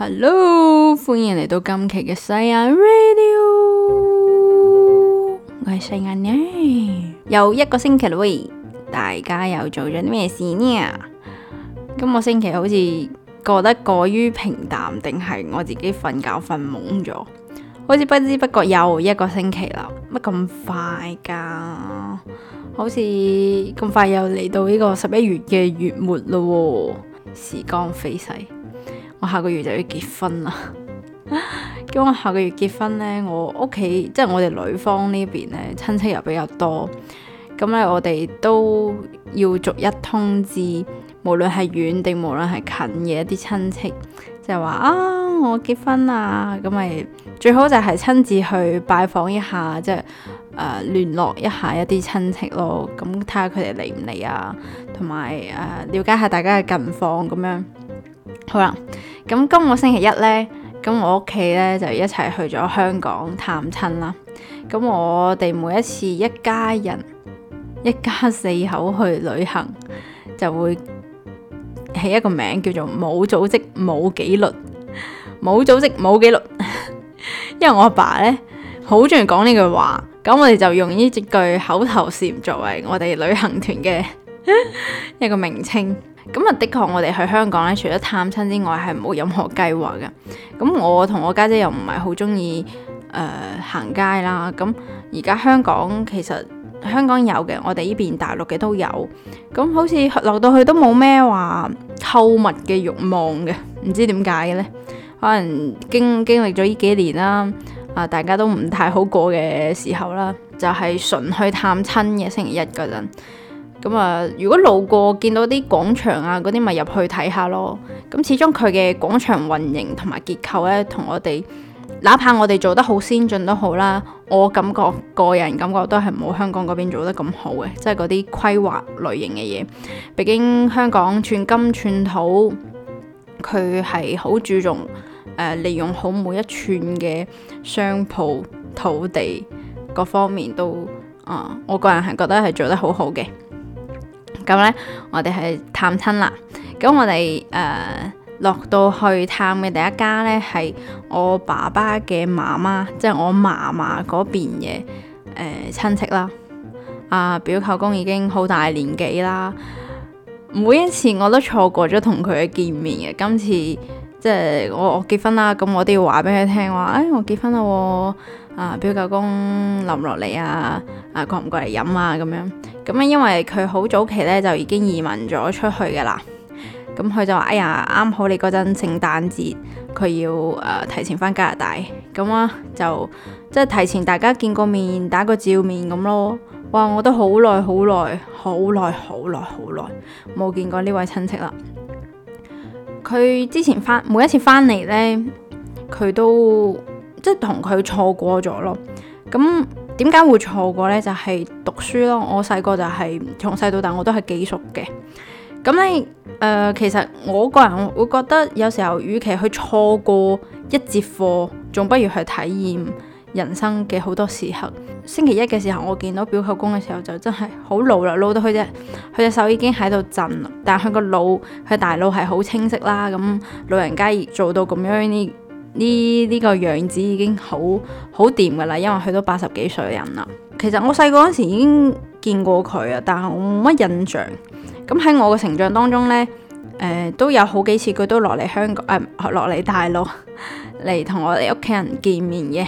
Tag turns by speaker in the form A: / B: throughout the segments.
A: Hello，歡迎嚟到今期嘅細眼 Radio，我係細眼呢。又一個星期啦喂，大家又做咗啲咩事呢？今個星期好似過得過於平淡，定係我自己瞓覺瞓懵咗？好似不知不覺又一個星期啦，乜咁快噶？好似咁快又嚟到呢個十一月嘅月末啦喎，時光飛逝。下個月就要結婚啦，咁我下個月結婚呢，我屋企即係我哋女方呢邊咧，親戚又比較多，咁咧我哋都要逐一通知，無論係遠定無論係近嘅一啲親戚，即係話啊我結婚啊，咁咪最好就係親自去拜訪一下，即係誒聯絡一下一啲親戚咯，咁睇下佢哋嚟唔嚟啊，同埋誒了解下大家嘅近況咁樣。好啦，咁今個星期一呢，咁我屋企呢就一齊去咗香港探親啦。咁我哋每一次一家人一家四口去旅行，就會起一個名叫做冇組織冇紀律冇組織冇紀律。因為我阿爸呢好中意講呢句話，咁我哋就用呢隻句口頭禪作為我哋旅行團嘅一個名稱。咁啊，的確我哋去香港咧，除咗探親之外，係冇任何計劃嘅。咁我同我家姐又唔係好中意誒行街啦。咁而家香港其實香港有嘅，我哋呢邊大陸嘅都有。咁好似落到去都冇咩話購物嘅慾望嘅，唔知點解嘅咧？可能經經歷咗呢幾年啦，啊大家都唔太好過嘅時候啦，就係純去探親嘅星期一嗰陣。咁啊！如果路過見到啲廣場啊，嗰啲咪入去睇下咯。咁始終佢嘅廣場運營同埋結構咧，同我哋哪怕我哋做得好先進都好啦。我感覺個人感覺都係冇香港嗰邊做得咁好嘅，即係嗰啲規劃類型嘅嘢。畢竟香港寸金寸土，佢係好注重、呃、利用好每一寸嘅商鋪土地各方面都啊，我個人係覺得係做得好好嘅。咁咧，我哋係探親啦。咁我哋誒落到去探嘅，呃、第一家咧，係我爸爸嘅媽媽，即係我嫲嫲嗰邊嘅誒親戚啦。阿、啊、表舅公已經好大年紀啦，每一次我都錯過咗同佢嘅見面嘅。今次即係、就是、我我結婚啦，咁我都要話俾佢聽話，誒、哎、我結婚啦喎，哦。啊！表舅公淋落嚟啊！啊過唔過嚟飲啊？咁樣咁啊，因為佢好早期咧就已經移民咗出去噶啦。咁佢就話：哎呀，啱好你嗰陣聖誕節，佢要誒、呃、提前翻加拿大。咁啊，就即係提前大家見個面、打個照面咁咯。哇！我都好耐、好耐、好耐、好耐、好耐冇見過呢位親戚啦。佢之前翻每一次翻嚟呢，佢都。即係同佢錯過咗咯，咁點解會錯過呢？就係、是、讀書咯、就是。我細個就係從細到大我都係寄宿嘅。咁你誒，其實我個人會覺得有時候，與其去錯過一節課，仲不如去體驗人生嘅好多時刻。星期一嘅時候，我見到表舅公嘅時候，就真係好老啦，老到佢隻佢隻手已經喺度震啦。但係佢個腦，佢 大腦係好清晰啦。咁老，老，老人家做到咁樣呢？呢呢、呢個樣子已經好好掂噶啦，因為佢都八十幾歲人啦。其實我細個嗰時已經見過佢啊，但係我冇乜印象。咁喺我嘅成長當中呢，誒、呃、都有好幾次佢都落嚟香港誒、呃、落嚟大陸嚟同我哋屋企人見面嘅。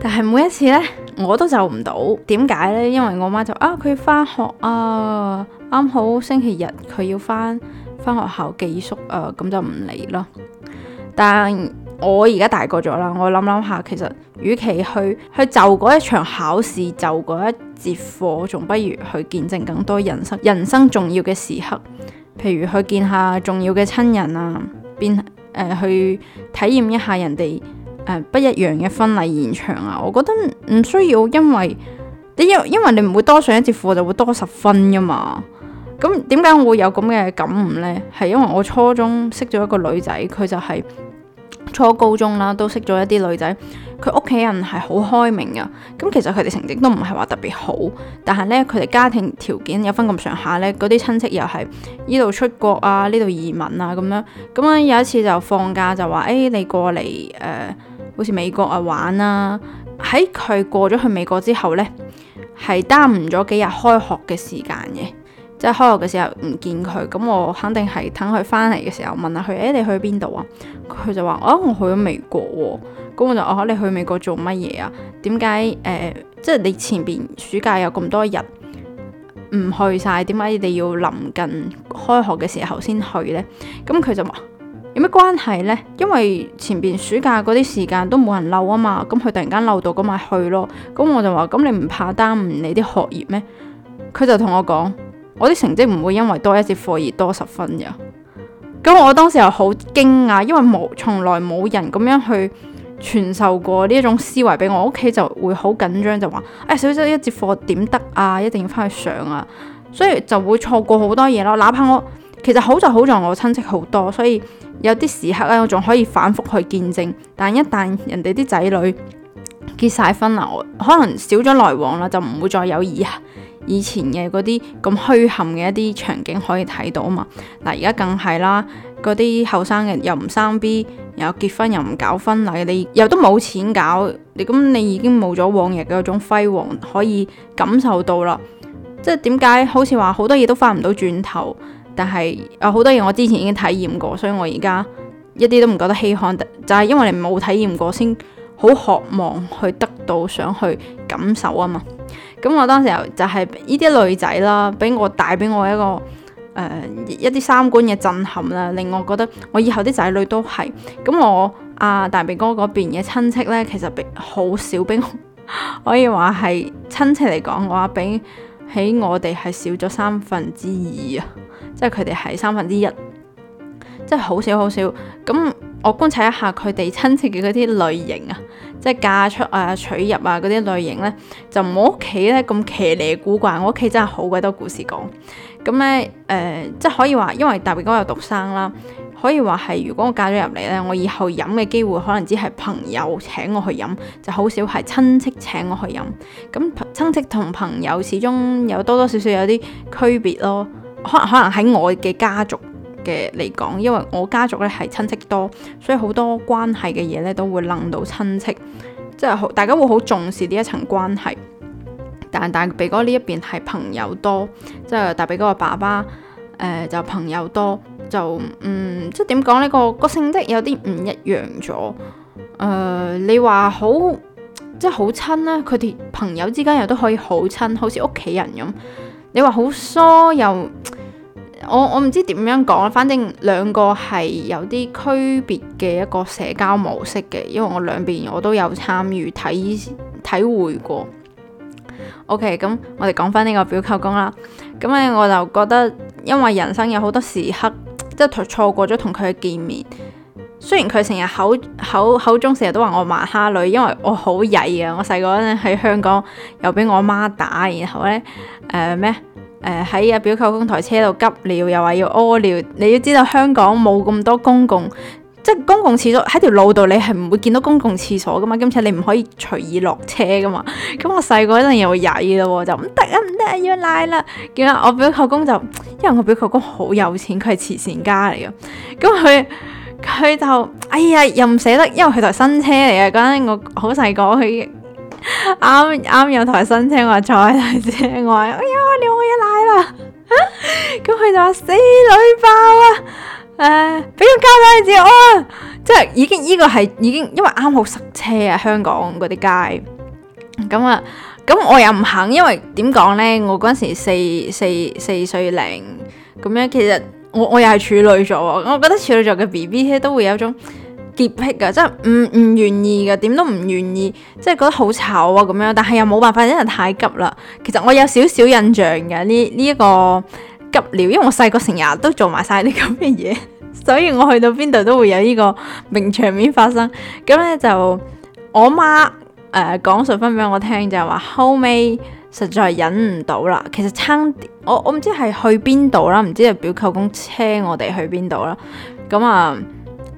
A: 但係每一次呢，我都就唔到。點解呢？因為我媽就啊，佢翻學啊，啱好星期日佢要翻翻學校寄宿啊，咁就唔嚟咯。但我而家大個咗啦，我諗諗下，其實與其去去就嗰一場考試，就嗰一節課，仲不如去見證更多人生人生重要嘅時刻，譬如去見下重要嘅親人啊，變誒、呃、去體驗一下人哋誒、呃、不一樣嘅婚禮現場啊，我覺得唔需要因為，你因為因為你唔會多上一節課就會多十分噶嘛，咁點解我會有咁嘅感悟呢？係因為我初中識咗一個女仔，佢就係、是。初高中啦，都識咗一啲女仔。佢屋企人係好開明㗎，咁其實佢哋成績都唔係話特別好，但係呢，佢哋家庭條件有分咁上下。呢嗰啲親戚又係呢度出國啊，呢度移民啊咁樣咁咧。樣樣樣有一次就放假就話誒、欸，你過嚟誒、呃，好似美國啊玩啦、啊。喺佢過咗去美國之後呢，係耽誤咗幾日開學嘅時間嘅。即係開學嘅時候唔見佢，咁我肯定係等佢翻嚟嘅時候問下佢誒，你去邊度啊？佢就話哦、啊，我去咗美國喎，咁我就哦、啊，你去美國做乜嘢啊？點解誒，即係你前邊暑假有咁多日唔去晒，點解你要臨近開學嘅時候先去呢？咁佢就話有咩關係呢？因為前邊暑假嗰啲時間都冇人漏啊嘛，咁佢突然間漏到咁咪去咯。咁我就話咁你唔怕耽誤你啲學業咩？佢就同我講。我啲成績唔會因為多一節課而多十分嘅，咁我當時又好驚訝，因為冇從來冇人咁樣去傳授過呢一種思維俾我。屋企就會好緊張，就話：哎，少咗一節課點得啊？一定要翻去上啊！所以就會錯過好多嘢咯。哪怕我其實好就好在我親戚好多，所以有啲時刻咧，我仲可以反覆去見證。但一旦人哋啲仔女結晒婚啦，我可能少咗來往啦，就唔會再有意以前嘅嗰啲咁墟冚嘅一啲場景可以睇到啊嘛，嗱而家更係啦，嗰啲後生嘅又唔生 B，又結婚又唔搞婚禮，你又都冇錢搞，你咁你已經冇咗往日嘅嗰種輝煌可以感受到啦，即係點解好似話好多嘢都翻唔到轉頭，但係有好多嘢我之前已經體驗過，所以我而家一啲都唔覺得稀罕，就係因為你冇體驗過先好渴望去得到想去感受啊嘛。咁我當時候就係呢啲女仔啦，俾我帶俾我一個誒、呃、一啲三觀嘅震撼啦，令我覺得我以後啲仔女都係。咁我阿、啊、大鼻哥嗰邊嘅親戚咧，其實比好少，比可以話係親戚嚟講嘅話，比起我哋係少咗三分之二啊，即係佢哋係三分之一，即係好少好少。咁我觀察一下佢哋親戚嘅嗰啲類型啊，即係嫁出啊、娶入啊嗰啲類型呢，就唔好屋企呢咁騎呢古怪，我屋企真係好鬼多故事講。咁呢，誒、呃，即係可以話，因為特別我係獨生啦，可以話係如果我嫁咗入嚟呢，我以後飲嘅機會可能只係朋友請我去飲，就好少係親戚請我去飲。咁親戚同朋友始終有多多少少有啲區別咯，可能可能喺我嘅家族嘅嚟講，因為我家族咧係親戚多，所以好多關係嘅嘢咧都會楞到親戚，即係好大家會好重視呢一層關係。但大鼻哥呢一邊係朋友多，即係大鼻哥嘅爸爸，誒、呃、就朋友多，就嗯即係點講呢個個性質有啲唔一樣咗。誒、呃，你話好即係好親咧，佢哋朋友之間又都可以好親，好似屋企人咁。你話好疏又。我我唔知點樣講，反正兩個係有啲區別嘅一個社交模式嘅，因為我兩邊我都有參與體體會過。OK，咁、嗯、我哋講返呢個表舅公啦。咁、嗯、咧我就覺得，因為人生有好多時刻，即係錯過咗同佢見面。雖然佢成日口口口中成日都話我蠻蝦女，因為我好曳啊。我細個咧喺香港又俾我媽打，然後咧誒咩？呃誒，喺阿、呃、表舅公台車度急尿，又話要屙尿。你要知道香港冇咁多公共，即係公共廁所喺條路度，你係唔會見到公共廁所噶嘛。而且你唔可以隨意落車噶嘛。咁我細個嗰陣又曳啦，就唔得啊唔得，要瀨啦。咁我表舅公就，因為我表舅公好有錢，佢係慈善家嚟嘅。咁佢佢就，哎呀，又唔捨得，因為佢台新車嚟啊。嗰、那、陣、個、我好細個，佢。啱啱 有台新車，我坐喺台車，我話哎呀，你我嘢奶啦，咁佢就話死女爆啊，唉、呃，俾個交通嚟接我啊，即係已經呢個係已經，因為啱好塞車啊，香港嗰啲街，咁、嗯、啊，咁、嗯嗯嗯、我又唔肯，因為點講咧，我嗰時四四四歲零，咁樣其實我我又係處女座，我覺得處女座嘅 B B 咧都會有種。潔癖噶，即係唔唔願意噶，點都唔願意，即係覺得好醜啊咁樣。但係又冇辦法，因為太急啦。其實我有少少印象嘅呢，呢一個急尿，因為我細個成日都做埋晒啲咁嘅嘢，所以我去到邊度都會有呢個名場面發生。咁咧就我媽誒、呃、講述翻俾我聽，就係話後尾實在忍唔到啦。其實撐，我我唔知係去邊度啦，唔知係表舅公車我哋去邊度啦。咁啊～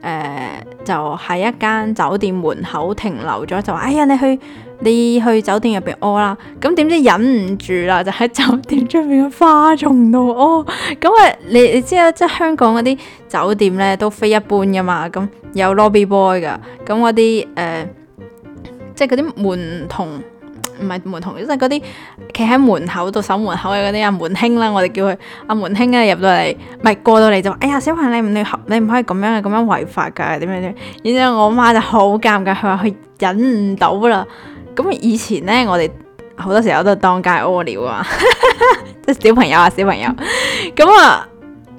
A: 誒、呃，就喺、是、一間酒店門口停留咗，就話：哎呀，你去你去酒店入邊屙啦。咁點知忍唔住啦，就喺酒店出邊嘅花叢度屙。咁、哦、啊、嗯，你你知啦，即係香港嗰啲酒店咧都非一般噶嘛，咁、嗯、有 lobby boy 噶，咁嗰啲誒，即係嗰啲門童。唔係門童，即係嗰啲企喺門口度守門口嘅嗰啲阿門兄啦。我哋叫佢阿門兄啊，入到嚟，唔係過到嚟就話：哎呀，小朋友唔你唔可以咁樣咁樣違法㗎，點樣點？然之後我媽就好尷尬，佢話佢忍唔到啦。咁以前咧，我哋好多時候都當街屙尿啊，即 係小朋友啊，小朋友咁 啊，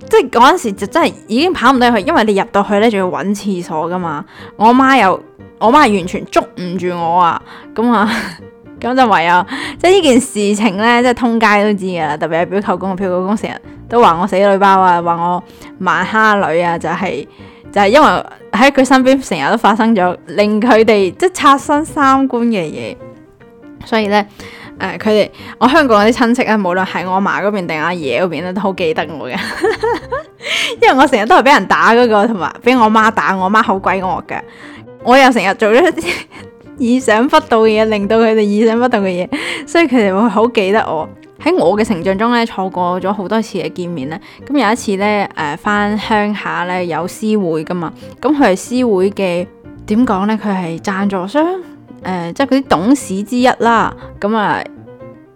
A: 即係嗰陣時就真係已經跑唔到去，因為你入到去咧，仲要揾廁所㗎嘛。我媽又我媽完全捉唔住我啊，咁啊～ 咁就唯有，即係呢件事情咧，即係通街都知噶啦。特別係表舅公啊，表舅公成日都話我死女包啊，話我蠻蝦女啊，就係、是、就係、是、因為喺佢身邊成日都發生咗令佢哋即係刷新三觀嘅嘢。所以咧，誒佢哋我香港嗰啲親戚咧，無論係我阿嫲嗰邊定阿爺嗰邊咧，都好記得我嘅， 因為我成日都係俾人打嗰個，同埋俾我媽打，我媽好鬼惡嘅，我又成日做咗啲。意想不到嘅嘢，令到佢哋意想不到嘅嘢， 所以佢哋會好記得我。喺我嘅成長中咧，錯過咗好多次嘅見面咧。咁有一次咧，誒、呃，翻鄉下咧有獅會噶嘛，咁佢係獅會嘅點講咧，佢係贊助商，誒、呃，即係嗰啲董事之一啦。咁、嗯、啊，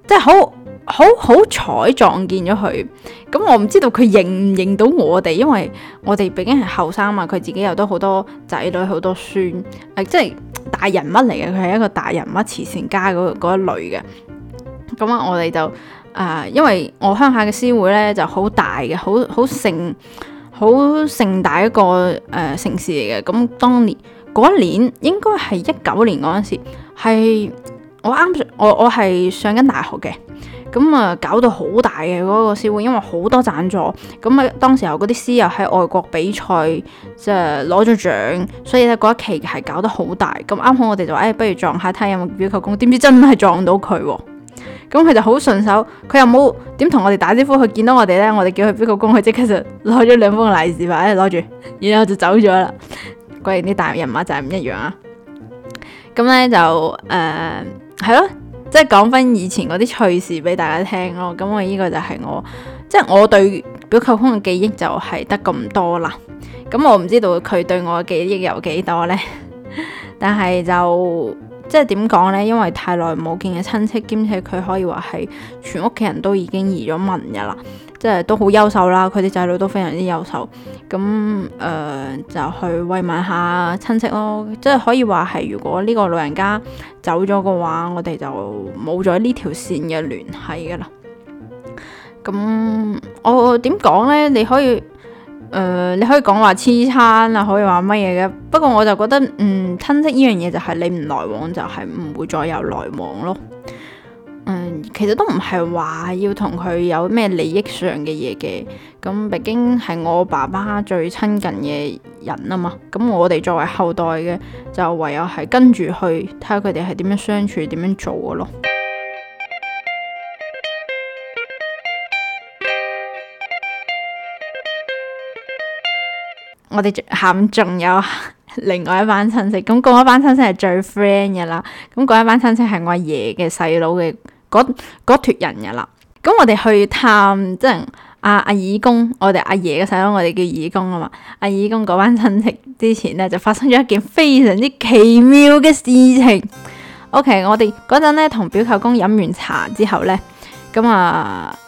A: 即係好好好彩撞見咗佢。咁、嗯、我唔知道佢認唔認到我哋，因為我哋畢竟係後生嘛，佢自己有都好多仔女，好多孫，誒、啊，即係大人物嚟嘅，佢係一個大人物、慈善家嗰一類嘅。咁、嗯、啊，我哋就啊、呃，因為我鄉下嘅獅會咧就好大嘅，好好盛好盛大一個誒、呃、城市嚟嘅。咁、嗯、當年嗰一年應該係一九年嗰陣時，係我啱我我係上緊大學嘅。咁啊，搞到好大嘅嗰、嗰個獅會，因為好多贊助。咁啊，當時候嗰啲獅又喺外國比賽，即係攞咗獎，所以咧嗰一期係搞得好大。咁啱好我哋就話，哎，不如撞下睇下有冇表舅公，點知真係撞到佢。咁佢就好順手，佢又冇點同我哋打招呼，佢見到我哋咧，我哋叫佢表舅公，佢即刻就攞咗兩封利是牌攞住，然後就走咗啦。果然啲大人物就係唔一樣啊。咁咧就誒，係、呃、咯。即係講翻以前嗰啲趣事俾大家聽咯，咁我呢個就係我，即係我對表舅公嘅記憶就係得咁多啦。咁我唔知道佢對我嘅記憶有幾多呢？ 但係就。即係點講呢？因為太耐冇見嘅親戚，兼且佢可以話係全屋企人都已經移咗民噶啦，即係都好優秀啦。佢啲仔女都非常之優秀，咁誒、呃、就去慰問下親戚咯。即係可以話係，如果呢個老人家走咗嘅話，我哋就冇咗呢條線嘅聯繫噶啦。咁我點講呢？你可以。誒，呃，你可以講話黐餐啊，可以話乜嘢嘅？不過我就覺得，嗯，親戚呢樣嘢就係你唔來往就係唔會再有來往咯。嗯，其實都唔係話要同佢有咩利益上嘅嘢嘅。咁畢竟係我爸爸最親近嘅人啊嘛。咁我哋作為後代嘅，就唯有係跟住去睇下佢哋係點樣相處，點樣做嘅咯。我哋下午仲有另外一班親戚，咁嗰一班親戚係最 friend 噶啦，咁嗰一班親戚係我阿爺嘅細佬嘅嗰嗰脫人噶啦，咁我哋去探即係阿阿二公，我哋阿爺嘅細佬，我哋叫二公啊嘛，阿二公嗰班親戚之前咧就發生咗一件非常之奇妙嘅事情，OK，我哋嗰陣咧同表舅公飲完茶之後咧，咁、嗯、啊。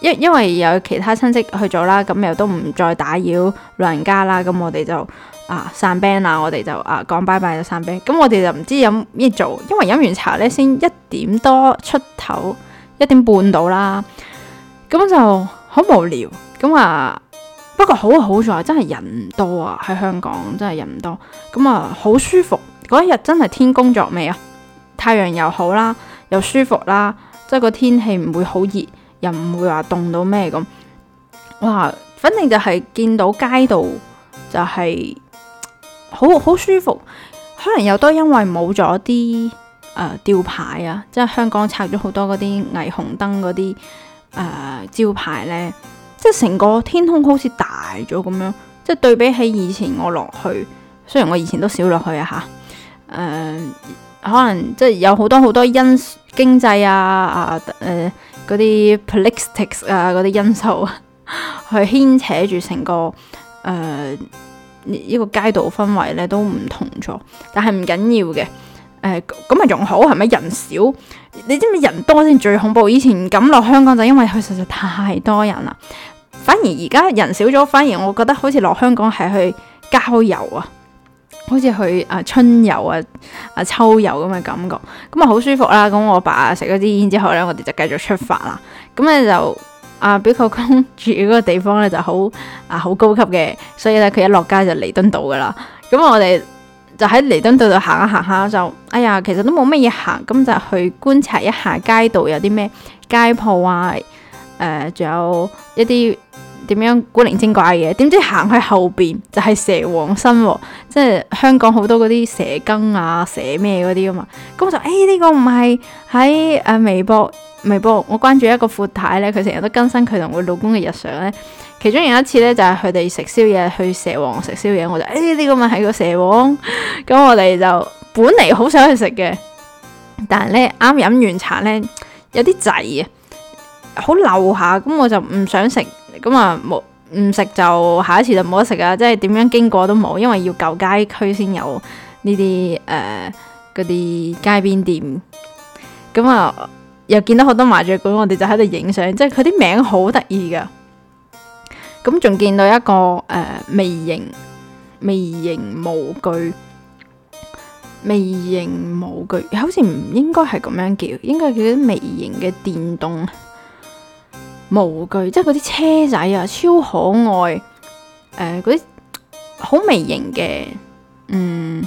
A: 因因為有其他親戚去做啦，咁又都唔再打擾老人家啦，咁我哋就啊散 band 啦，我哋就啊講拜拜就散 band，咁我哋就唔知飲咩做，因為飲完茶咧先一點多出頭，一點半到啦，咁就好無聊，咁啊不過好好在真係人唔多啊，喺香港真係人唔多，咁啊好舒服，嗰一日真係天公作美啊，太陽又好啦，又舒服啦，即係個天氣唔會好熱。又唔會話凍到咩咁，哇！反正就係見到街度就係好好舒服，可能又都因為冇咗啲誒吊牌啊，即係香港拆咗好多嗰啲霓虹燈嗰啲誒招牌咧，即係成個天空好似大咗咁樣。即係對比起以前我落去，雖然我以前都少落去啊，嚇誒、呃，可能即係有好多好多因經濟啊啊誒。呃嗰啲 politics 啊，嗰啲因素啊， 去牽扯住成個誒呢、呃這個街道氛圍咧都唔同咗，但係唔緊要嘅，誒咁咪仲好係咪人少？你知唔知人多先最恐怖？以前唔敢落香港就因為佢實在太多人啦，反而而家人少咗，反而我覺得好似落香港係去郊遊啊！好似去啊春遊啊啊秋遊咁嘅感覺，咁啊好舒服啦。咁我爸食咗支煙之後咧，我哋就繼續出發啦。咁咧就啊表舅公住嗰個地方咧就好啊好高級嘅，所以咧佢一落街就離敦道彌敦道噶啦。咁我哋就喺彌敦道度行下行下就，哎呀，其實都冇乜嘢行，咁就去觀察一下街道有啲咩街鋪啊，誒、呃，仲有一啲。點樣古靈精怪嘅？點知行去後邊就係、是、蛇王新、哦，即係香港好多嗰啲蛇羹啊、蛇咩嗰啲啊嘛。咁我就誒呢、哎這個唔係喺誒微博微博，我關注一個闊太咧，佢成日都更新佢同佢老公嘅日常咧。其中有一次咧，就係佢哋食宵夜去蛇王食宵夜，我就誒呢、哎這個咪係個蛇王咁。 我哋就本嚟好想去食嘅，但係咧啱飲完茶咧有啲滯啊，好漏下咁，我就唔想食。咁啊，冇唔食就下一次就冇得食啊！即係點樣經過都冇，因為要舊街區先有呢啲誒嗰啲街邊店。咁、嗯、啊、嗯，又見到好多麻雀館，我哋就喺度影相，即係佢啲名好得意噶咁仲見到一個誒、呃、微型微型模具，微型模具好似唔應該係咁樣叫，應該叫啲微型嘅電動。模具即係嗰啲車仔啊，超可愛！誒、呃，嗰啲好微型嘅，嗯，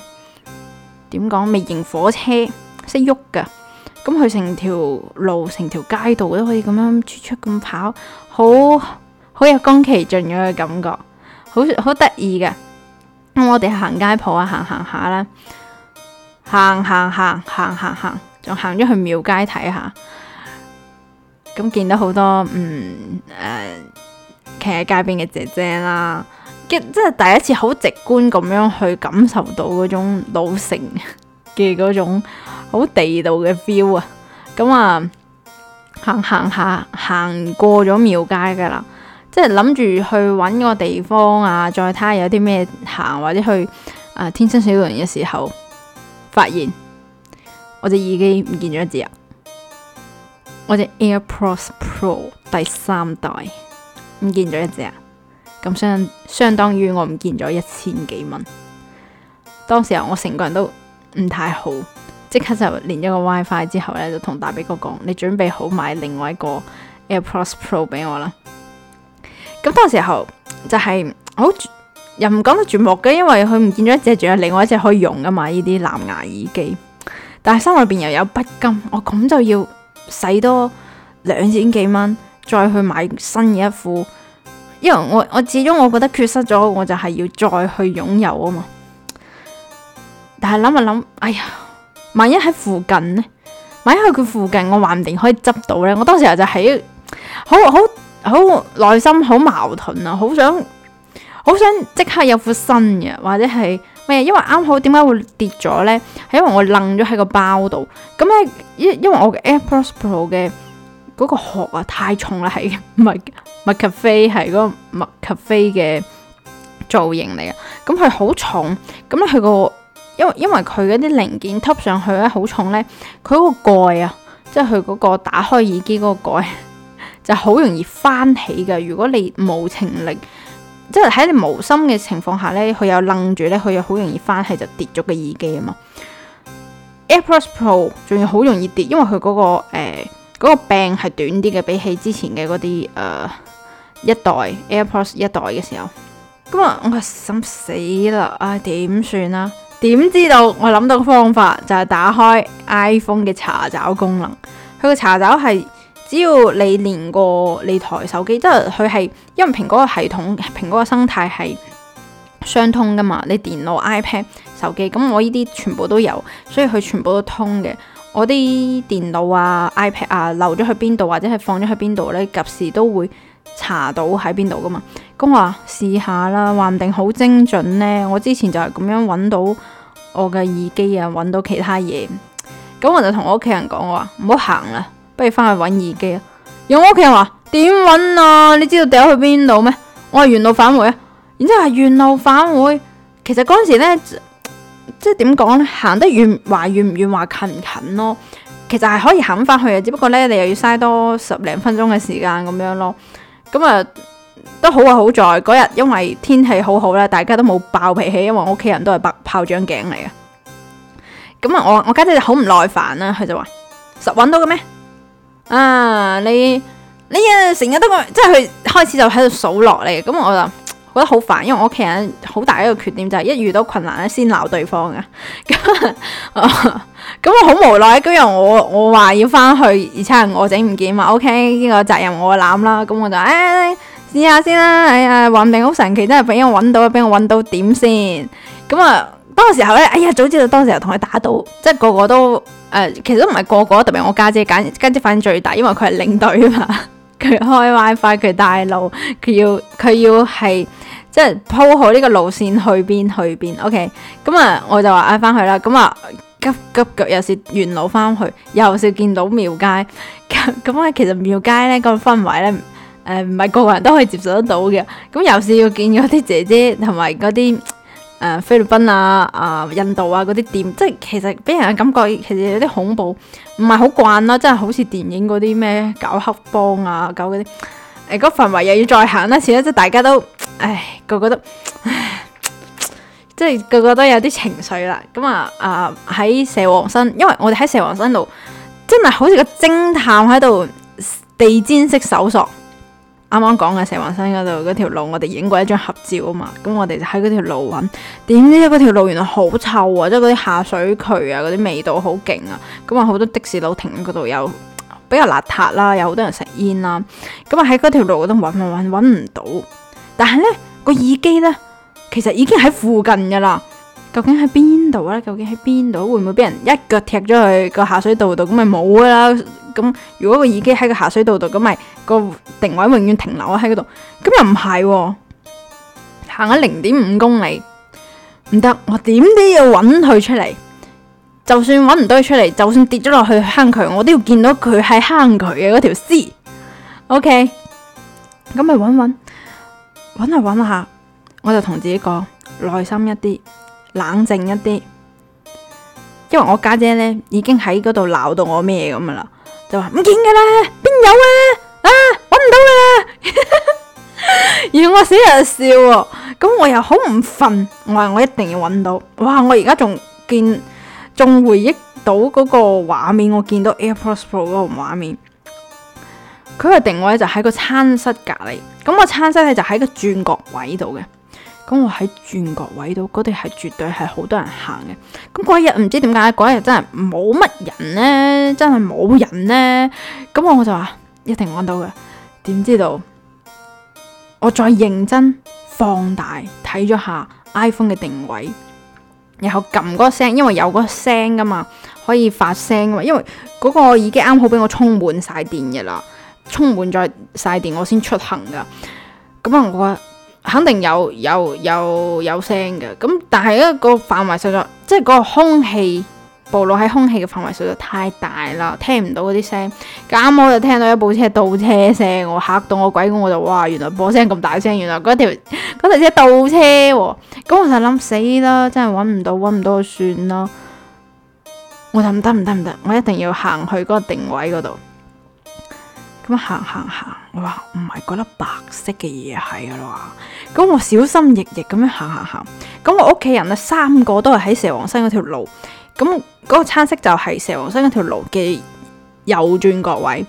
A: 點講？微型火車識喐噶咁佢成條路、成條街道都可以咁樣出出咁跑，好好有宮崎駿嗰個感覺，好好得意嘅。咁我哋行街鋪啊，行行下啦，行行行行行行，仲行咗去廟街睇下。咁見到好多嗯誒，企、呃、喺街邊嘅姐姐啦，即即係第一次好直觀咁樣去感受到嗰種老城嘅嗰種好地道嘅 feel 啊！咁、嗯、啊，行行下行，行過咗廟街噶啦，即係諗住去搵個地方啊，再睇下有啲咩行，或者去啊、呃、天星小輪嘅時候，發現我隻耳機唔見咗一隻啊！我隻 AirPods Pro 第三代唔見咗一隻，咁相相當於我唔見咗一千幾蚊。當時候我成個人都唔太好，即刻就連咗個 WiFi 之後咧，就同大比哥講：你準備好買另外一個 AirPods Pro 俾我啦。咁當時候就係、是、好又唔講到絕望嘅，因為佢唔見咗一隻，仲有另外一隻可以用噶嘛。呢啲藍牙耳機，但係心裏邊又有不甘，我咁就要。使多兩千幾蚊再去買新嘅一副，因為我我始終我覺得缺失咗，我就係要再去擁有啊嘛。但係諗一諗，哎呀，萬一喺附近呢，萬一喺佢附近，我話唔定可以執到呢。我當時就係好好好內心好矛盾啊，好想。好想即刻有副新嘅，或者係咩？因為啱好點解會跌咗咧？係因為我掹咗喺個包度咁咧，因因為我 AirPods Pro 嘅嗰個殼啊太重啦，係唔係麥咖啡係嗰個麥咖啡嘅造型嚟嘅。咁佢好重咁咧，佢個因為因為佢嗰啲零件吸上去咧好重咧，佢個蓋啊，即係佢嗰個打開耳機嗰個蓋就好容易翻起噶。如果你冇情力。即係喺你無心嘅情況下咧，佢又愣住咧，佢又好容易翻起就跌咗個耳機啊嘛！AirPods Pro 仲要好容易跌，因為佢嗰、嗰個誒嗰、呃嗰個柄係短啲嘅，比起之前嘅嗰啲誒一代 AirPods 一代嘅時候。咁、哎、啊，我心死啦！唉，點算啊？點知道我諗到個方法就係、係、打開 iPhone 嘅查找功能，佢個查找係。只要你連過你台手機，即係佢係，因為蘋果嘅系統、蘋果嘅生態係相通噶嘛。你電腦、iPad、手機，咁我呢啲全部都有，所以佢全部都通嘅。我啲電腦啊、iPad 啊，漏咗去邊度或者係放咗去邊度，呢及時都會查到喺邊度噶嘛。咁我話試下啦，話唔定好精準呢。我之前就係咁樣揾到我嘅耳機啊，揾到其他嘢。咁我就同我屋企人講，我話唔好行啦。不如翻去揾耳機啊！有我屋企人話點揾啊？你知道掉去邊度咩？我係原路返回啊，然之後係原路返回。其實嗰陣時咧，即係點講咧，行得遠話遠唔遠，話近唔近咯。其實係可以行翻去嘅，只不過呢，你又要嘥多十零分鐘嘅時間咁樣咯。咁啊，都好啊，好在嗰日因為天氣好好啦，大家都冇爆脾氣，因為我屋企人都係白炮仗頸嚟嘅。咁啊，我我家姐就好唔耐煩啦，佢就話實揾到嘅咩？啊！你你啊，成日都咁，即係佢開始就喺度數落嚟，咁我就覺得好煩，因為我屋企人好大一個缺點就係一遇到困難咧先鬧對方㗎。咁咁、哦、我好無奈，居然我我話要翻去，而且係我整唔掂，話 O K 呢個責任我攬啦。咁我就誒試下先啦，哎呀，話唔、哎、定好神奇，真係俾我搵到，俾我搵到點先到。咁啊、嗯，當時候咧，哎呀，早知道當時同佢打賭，即係個個都。誒，uh, 其實都唔係個個，特別我家姐，姐，家姐反應最大，因為佢係領隊啊嘛，佢 開 WiFi，佢帶路，佢要佢要係即係鋪好呢個路線去邊去邊。OK，咁啊，我就話嗌翻去啦。咁啊，急急腳又是沿路翻去，又是見到廟街。咁咁啊，其實廟街咧，嗰個氛圍咧，誒唔係個個人都可以接受得到嘅。咁又是要見嗰啲姐姐同埋嗰啲。誒、呃、菲律賓啊啊、呃、印度啊嗰啲店，即係其實俾人嘅感覺，其實有啲恐怖，唔係好慣咯，即係好似電影嗰啲咩搞黑幫啊搞嗰啲，誒個氛圍又要再行一次，即係大家都，唉個個都，唉，即係個個都有啲情緒啦。咁啊啊喺、呃、蛇王新，因為我哋喺蛇王新度，真係好似個偵探喺度地氈式搜索。啱啱講嘅蛇王新嗰度嗰條路，我哋影過一張合照啊嘛，咁我哋就喺嗰條路揾，點知嗰條路原來好臭啊，即係嗰啲下水渠啊，嗰啲味道好勁啊，咁啊好多的士佬停喺嗰度又比較邋遢啦，有好多人食煙啦，咁啊喺嗰條路度揾揾揾揾唔到，但係呢個耳機呢，其實已經喺附近㗎啦。究竟喺邊度呀？究竟喺邊度？會唔會俾人一腳踢咗去個下水道度？咁咪冇啦。咁如果個耳機喺個下水道度，咁咪個定位永遠停留喺嗰度。咁又唔係行咗零點五公里，唔得，我點都要揾佢出嚟。就算揾唔到佢出嚟，就算跌咗落去坑渠，我都要見到佢喺坑渠嘅嗰條屍。OK，咁咪揾揾，揾下揾下，我就同自己講，耐心一啲。冷靜一啲，因為我家姐咧已經喺嗰度鬧到我咩咁噶啦，就話唔見噶啦，邊有啊，啊搵唔到啦，而 我死日笑喎、哦，咁我又好唔瞓，我話我一定要搵到，哇！我而家仲見仲回憶到嗰個畫面，我見到 AirPods Pro 嗰個畫面，佢個定位就喺個餐室隔籬，咁、那個餐室咧就喺個轉角位度嘅。咁我喺轉角位度，嗰啲係絕對係好多人行嘅。咁嗰一日唔知點解，嗰一日真係冇乜人呢，真係冇人呢。咁我就話一定按到嘅，點知道？我再認真放大睇咗下 iPhone 嘅定位，然後撳嗰個聲，因為有嗰個聲噶嘛，可以發聲噶嘛。因為嗰個耳機啱好俾我充滿晒電嘅啦，充滿咗晒電我先出行噶。咁啊，我。肯定有有有有聲嘅，咁但係一個範圍實在，即係嗰個空氣暴露喺空氣嘅範圍實在太大啦，聽唔到嗰啲聲。咁我就聽到一部車倒車聲，我嚇到我鬼咁，我就哇，原來波聲咁大聲，原來嗰條嗰條車倒車喎，咁我就諗死啦，真係揾唔到，揾唔到就算咯。我就諗得唔得唔得，我一定要行去嗰個定位嗰度。咁行行行，我話唔係嗰粒白色嘅嘢係噶啦，咁我小心翼翼咁樣行行行，咁我屋企人咧，三個都係喺蛇王新嗰條路，咁嗰個餐色就係蛇王新嗰條路嘅右轉角位，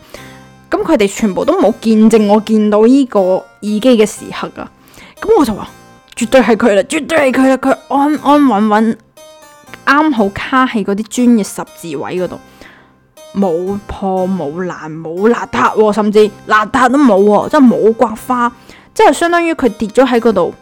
A: 咁佢哋全部都冇見證我見到呢個耳機嘅時刻啊，咁我就話絕對係佢啦，絕對係佢啦，佢安安穩穩啱好卡喺嗰啲專業十字位嗰度。冇破冇爛冇邋遢，甚至邋遢都冇喎，即係冇刮花，即係相當於佢跌咗喺嗰度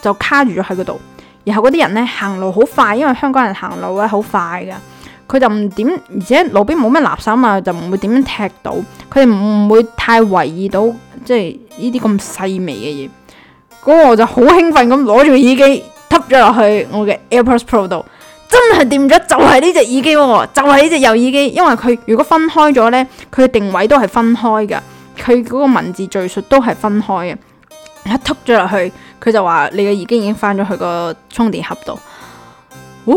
A: 就卡住咗喺嗰度。然後嗰啲人咧行路好快，因為香港人行路咧好快噶，佢就唔點，而且路邊冇咩垃圾啊嘛，就唔會點樣踢到，佢哋唔會太留意到即係呢啲咁細微嘅嘢。咁我就好興奮咁攞住耳機，插咗落去我嘅 AirPods Pro 度。真係掂咗，就係呢隻耳機，哦，就係呢隻右耳機。因為佢如果分開咗呢，佢定位都係分開噶，佢嗰個文字敘述都係分開嘅。一揼咗落去，佢就話你嘅耳機已經翻咗去個充電盒度。哦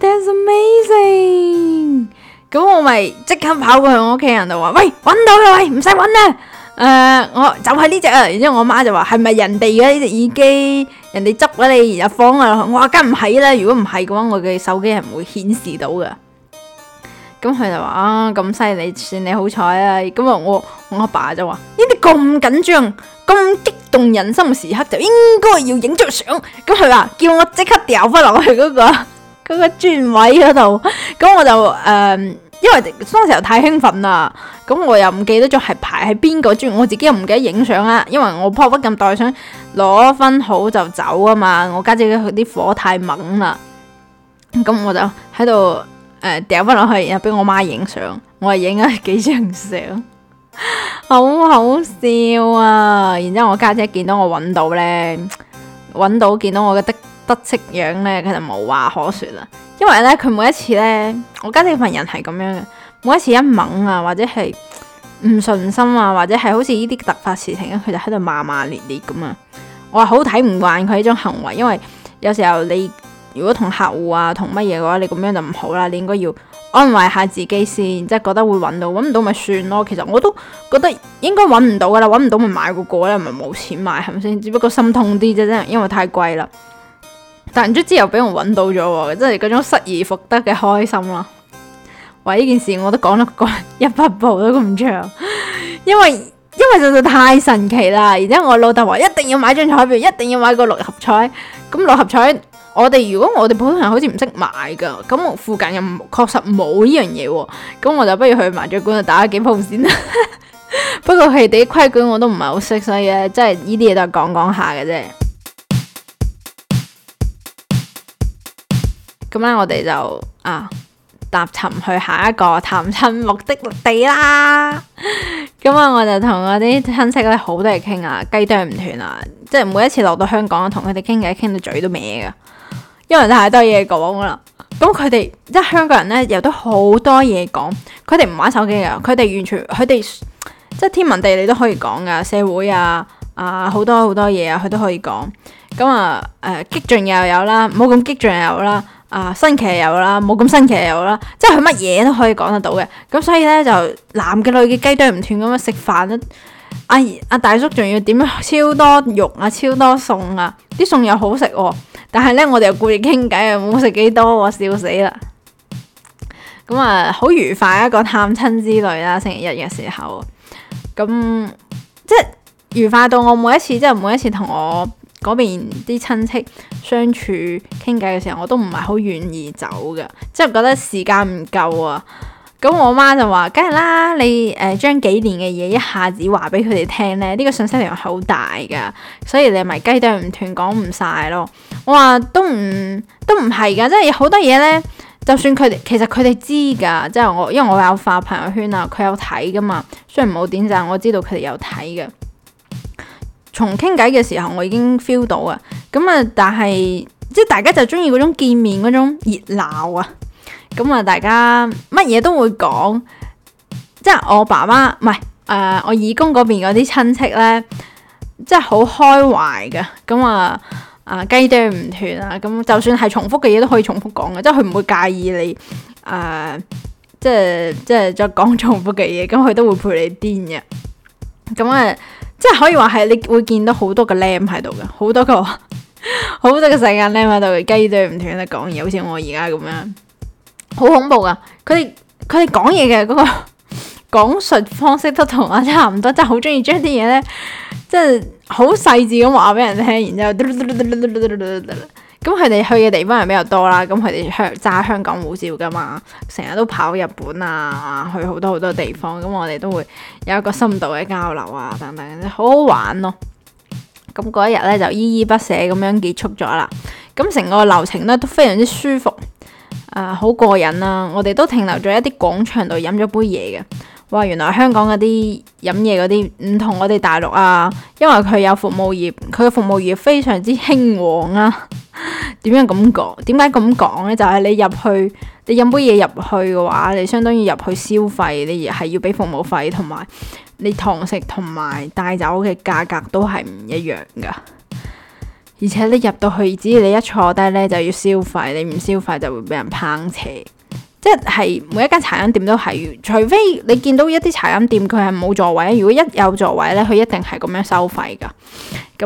A: ，That's amazing！咁，哦，我咪即刻跑過去我屋企人度話，喂，揾到啦，喂，唔使揾啦。誒，呃，我就係呢隻。然之後我媽就話，係咪人哋嘅呢隻耳機？人哋執咗你然後放啊！我話梗唔係啦，如果唔係嘅話，我嘅手機係唔會顯示到噶。咁佢就話，啊，咁犀利，算你好彩啊！咁啊，我我阿爸就話，呢啲咁緊張、咁激動人心嘅時刻就應該要影張相。咁佢話叫我即刻掉翻落去嗰個嗰個磚位嗰度。咁我就誒。呃.因為當時又太興奮啦，咁我又唔記得咗係排喺邊個專，我自己又唔記得影相啦，因為我迫不及待想攞分好就走啊嘛，我家姐佢啲火太猛啦，咁我就喺度誒掟返落去，然後俾我媽影相，我係影咗幾張相， 好好笑啊！然之後我家姐，姐見到我搵到咧，搵到見到我嘅得。得戚樣咧，佢就無話可説啦。因為咧，佢每一次咧，我家姐份人係咁樣嘅。每一次一猛啊，或者係唔順心啊，或者係好似呢啲突發事情咧，佢就喺度罵罵咧咧咁啊。我係好睇唔慣佢呢種行為，因為有時候你如果同客戶啊，同乜嘢嘅話，你咁樣就唔好啦。你應該要安慰下自己先，即係覺得會揾到，揾唔到咪算咯。其實我都覺得應該揾唔到噶啦，揾唔到咪買過個過咧，咪冇錢買係咪先？只不過心痛啲啫，真係因為太貴啦。但卒之後俾我搵到咗喎，真係嗰種失而復得嘅開心咯、啊。喂，呢件事我都講得過一匹布都咁長，因為因為實在太神奇啦。而且我老豆話一定要買張彩票，一定要買個六合彩。咁六合彩我哋如果我哋普通人好似唔識買噶咁附近又確實冇呢樣嘢。咁我就不如去麻雀館度打幾鋪先啦。 不過佢哋規矩我都唔係好識，所以咧，真係呢啲嘢都係講講下嘅啫。咁咧、嗯，我哋就啊搭尋去下一個探親目的地啦。咁 啊、嗯，我就同我啲親戚咧好多嘢傾啊，雞啄唔斷啊，即係每一次落到香港，同佢哋傾偈傾到嘴都歪噶，因為太多嘢講啦。咁佢哋即係香港人咧，有得好多嘢講。佢哋唔玩手機噶，佢哋完全佢哋即係天文地理都可以講噶，社會啊啊好多好多嘢啊，佢、啊、都可以講。咁、嗯、啊誒激進又有啦，冇咁激進又有啦。啊新奇有啦，冇咁新奇有啦，即係佢乜嘢都可以講得到嘅。咁所以呢，就男嘅女嘅雞都唔斷咁樣食飯，阿、哎、阿、啊、大叔仲要點超多肉啊，超多餸啊，啲餸又好食，啊，但係呢，我哋又顧住傾偈啊，冇食幾多，我笑死啦，咁啊好愉快一、啊、個探親之旅啦，星期日嘅時候，咁即係愉快到我每一次，即、就、係、是、每一次同我嗰邊啲親戚。相處傾偈嘅時候，我都唔係好願意走㗎，即係覺得時間唔夠啊。咁我媽就話：梗係啦，你誒、呃、將幾年嘅嘢一下子話俾佢哋聽咧，呢、呢個信息量好大㗎，所以你咪雞啄唔斷講唔晒咯。我話都唔都唔係㗎，即係好多嘢咧，就算佢哋其實佢哋知㗎，即係我因為我有發朋友圈啊，佢有睇㗎嘛，雖然冇點讚，我知道佢哋有睇嘅。從傾偈嘅時候，我已經 feel 到啊！咁啊，但係即係大家就中意嗰種見面嗰種熱鬧啊！咁啊，大家乜嘢都會講，即係我爸爸唔係誒我義工嗰邊嗰啲親戚咧，即係好開懷嘅。咁、嗯、啊啊雞啄唔斷啊！咁、嗯、就算係重複嘅嘢都可以重複講嘅，即係佢唔會介意你誒、呃、即係即係再講重複嘅嘢，咁、嗯、佢都會陪你癲嘅。咁、嗯、啊～即係可以話係你會見到好多個 Lam 喺度嘅，好多個，好多個世界 Lam 喺度，雞啄唔斷喺度講嘢，好似我而家咁樣，好恐怖噶。佢哋佢哋講嘢嘅嗰個講述方式都同我差唔多，即係好中意將啲嘢咧，即係好細緻咁話俾人聽，然之後。咁佢哋去嘅地方係比較多啦，咁佢哋香揸香港護照噶嘛，成日都跑日本啊，去好多好多地方，咁我哋都會有一個深度嘅交流啊，等等，好好玩咯、啊。咁嗰一日咧就依依不捨咁樣結束咗啦。咁成個流程咧都非常之舒服，誒、啊，好過癮啦、啊。我哋都停留咗一啲廣場度飲咗杯嘢嘅。哇！原來香港嗰啲飲嘢嗰啲唔同我哋大陸啊，因為佢有服務業，佢嘅服務業非常之興旺啊！點樣咁講？點解咁講呢？就係、是、你入去，你飲杯嘢入去嘅話，你相當於入去消費，你係要俾服務費，同埋你堂食同埋帶走嘅價格都係唔一樣㗎。而且你入到去，只要你一坐低呢，就要消費，你唔消費就會俾人抨斜。即係每一間茶飲店都係，除非你見到一啲茶飲店佢係冇座位，如果一有座位咧，佢一定係咁樣收費噶。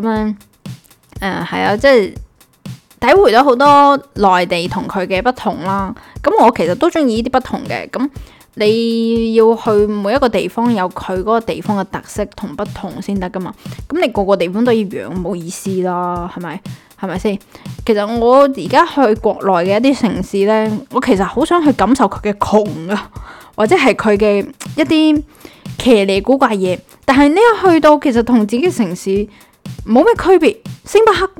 A: 咁樣誒係啊，即係體會到好多內地同佢嘅不同啦。咁我其實都中意呢啲不同嘅。咁你要去每一個地方有佢嗰個地方嘅特色同不同先得噶嘛？咁你個個地方都一樣，冇意思啦，係咪？係咪先？其實我而家去國內嘅一啲城市咧，我其實好想去感受佢嘅窮啊，或者係佢嘅一啲騎呢古怪嘢。但係呢一去到，其實同自己嘅城市冇咩區別。星巴克、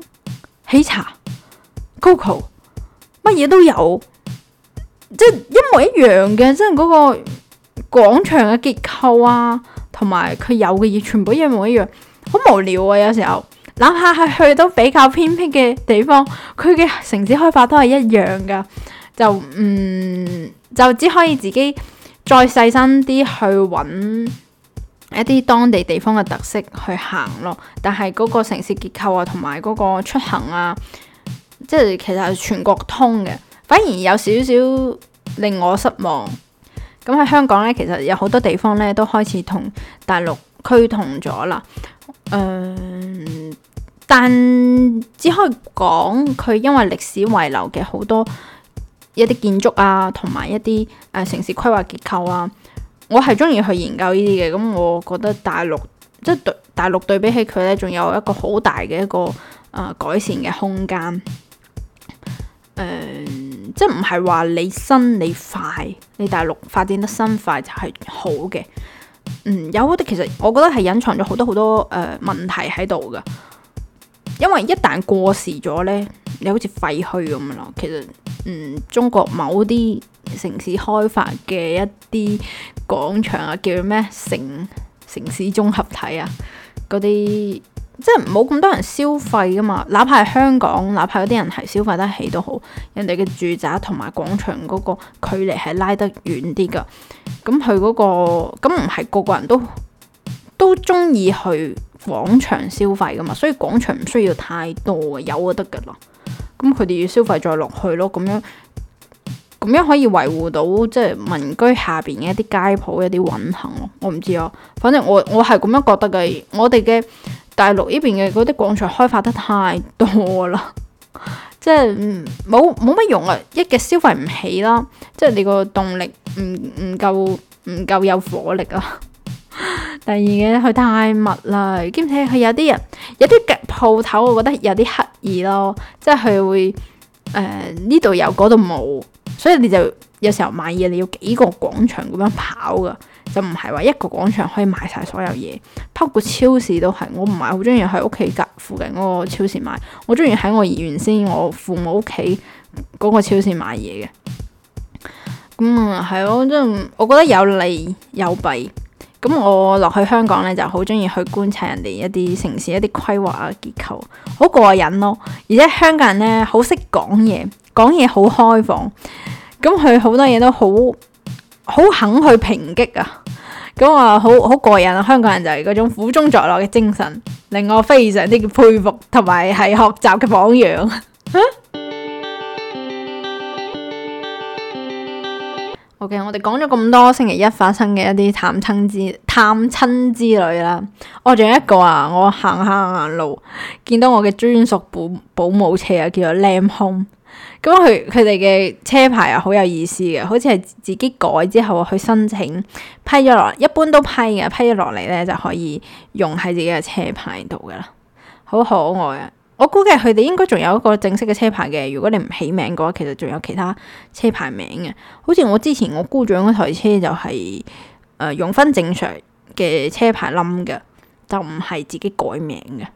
A: 喜茶、CoCo 乜嘢都有，即係一模一樣嘅，即係嗰個廣場嘅結構啊，同埋佢有嘅嘢全部一模一樣，好無聊啊！有時候。哪怕係去到比較偏僻嘅地方，佢嘅城市開發都係一樣㗎，就唔、嗯、就只可以自己再細心啲去揾一啲當地地方嘅特色去行咯。但係嗰個城市結構啊，同埋嗰個出行啊，即係其實係全國通嘅，反而有少少令我失望。咁喺香港呢，其實有好多地方呢都開始同大陸趨同咗啦，誒、呃。但只可以講，佢因為歷史遺留嘅好多一啲建築啊，同埋一啲誒、呃、城市規劃結構啊，我係中意去研究呢啲嘅。咁、嗯、我覺得大陸即係對大陸對比起佢咧，仲有一個好大嘅一個、呃、改善嘅空間。誒、呃，即唔係話你新你快，你大陸發展得新快就係好嘅。嗯，有好多其實我覺得係隱藏咗好多好多誒、呃、問題喺度嘅。因為一旦過時咗呢，你好似廢墟咁樣咯。其實，嗯，中國某啲城市開發嘅一啲廣場啊，叫咩城城市綜合體啊，嗰啲即係冇咁多人消費噶嘛。哪怕係香港，哪怕有啲人係消費得起都好，人哋嘅住宅同埋廣場嗰個距離係拉得遠啲噶。咁佢嗰個咁唔係個個人都都中意去。廣場消費噶嘛，所以廣場唔需要太多啊，有就得噶啦。咁佢哋要消費再落去咯，咁樣咁樣可以維護到即係、就是、民居下邊嘅一啲街鋪一啲運行咯。我唔知啊，反正我我係咁樣覺得嘅。我哋嘅大陸呢邊嘅嗰啲廣場開發得太多啦，即係冇冇乜用啊！一嘅消費唔起啦，即係你個動力唔唔夠唔夠有火力啊！第二嘅佢太密啦，兼且佢有啲人有啲嘅鋪頭，我覺得有啲刻意咯，即係佢會誒呢度有嗰度冇，所以你就有時候買嘢你要幾個廣場咁樣跑㗎，就唔係話一個廣場可以買晒所有嘢，包括超市都係。我唔係好中意喺屋企隔附近嗰個超市買，我中意喺我原先我父母屋企嗰個超市買嘢嘅。嗯，係咯，真係，我覺得有利有弊。咁我落去香港咧，就好中意去觀察人哋一啲城市一啲規劃啊，結構，好過癮咯。而且香港人咧，好識講嘢，講嘢好開放。咁佢好多嘢都好好肯去抨擊啊。咁啊，好好過癮啊！香港人就係嗰種苦中作樂嘅精神，令我非常之佩服，同埋係學習嘅榜樣。 O.K.，我哋講咗咁多星期一發生嘅一啲探親之探親之旅啦。我、哦、仲有一個啊，我行下路見到我嘅專屬保保姆車啊，叫做 Lam Home。咁佢佢哋嘅車牌啊，好有意思嘅，好似係自己改之後去申請批咗落嚟。一般都批嘅，批咗落嚟咧就可以用喺自己嘅車牌度噶啦，好可愛啊！我估嘅佢哋應該仲有一個正式嘅車牌嘅。如果你唔起名嘅話，其實仲有其他車牌名嘅。好似我之前我姑丈嗰台車就係、是、誒、呃、用翻正常嘅車牌冧嘅，就唔係自己改名嘅。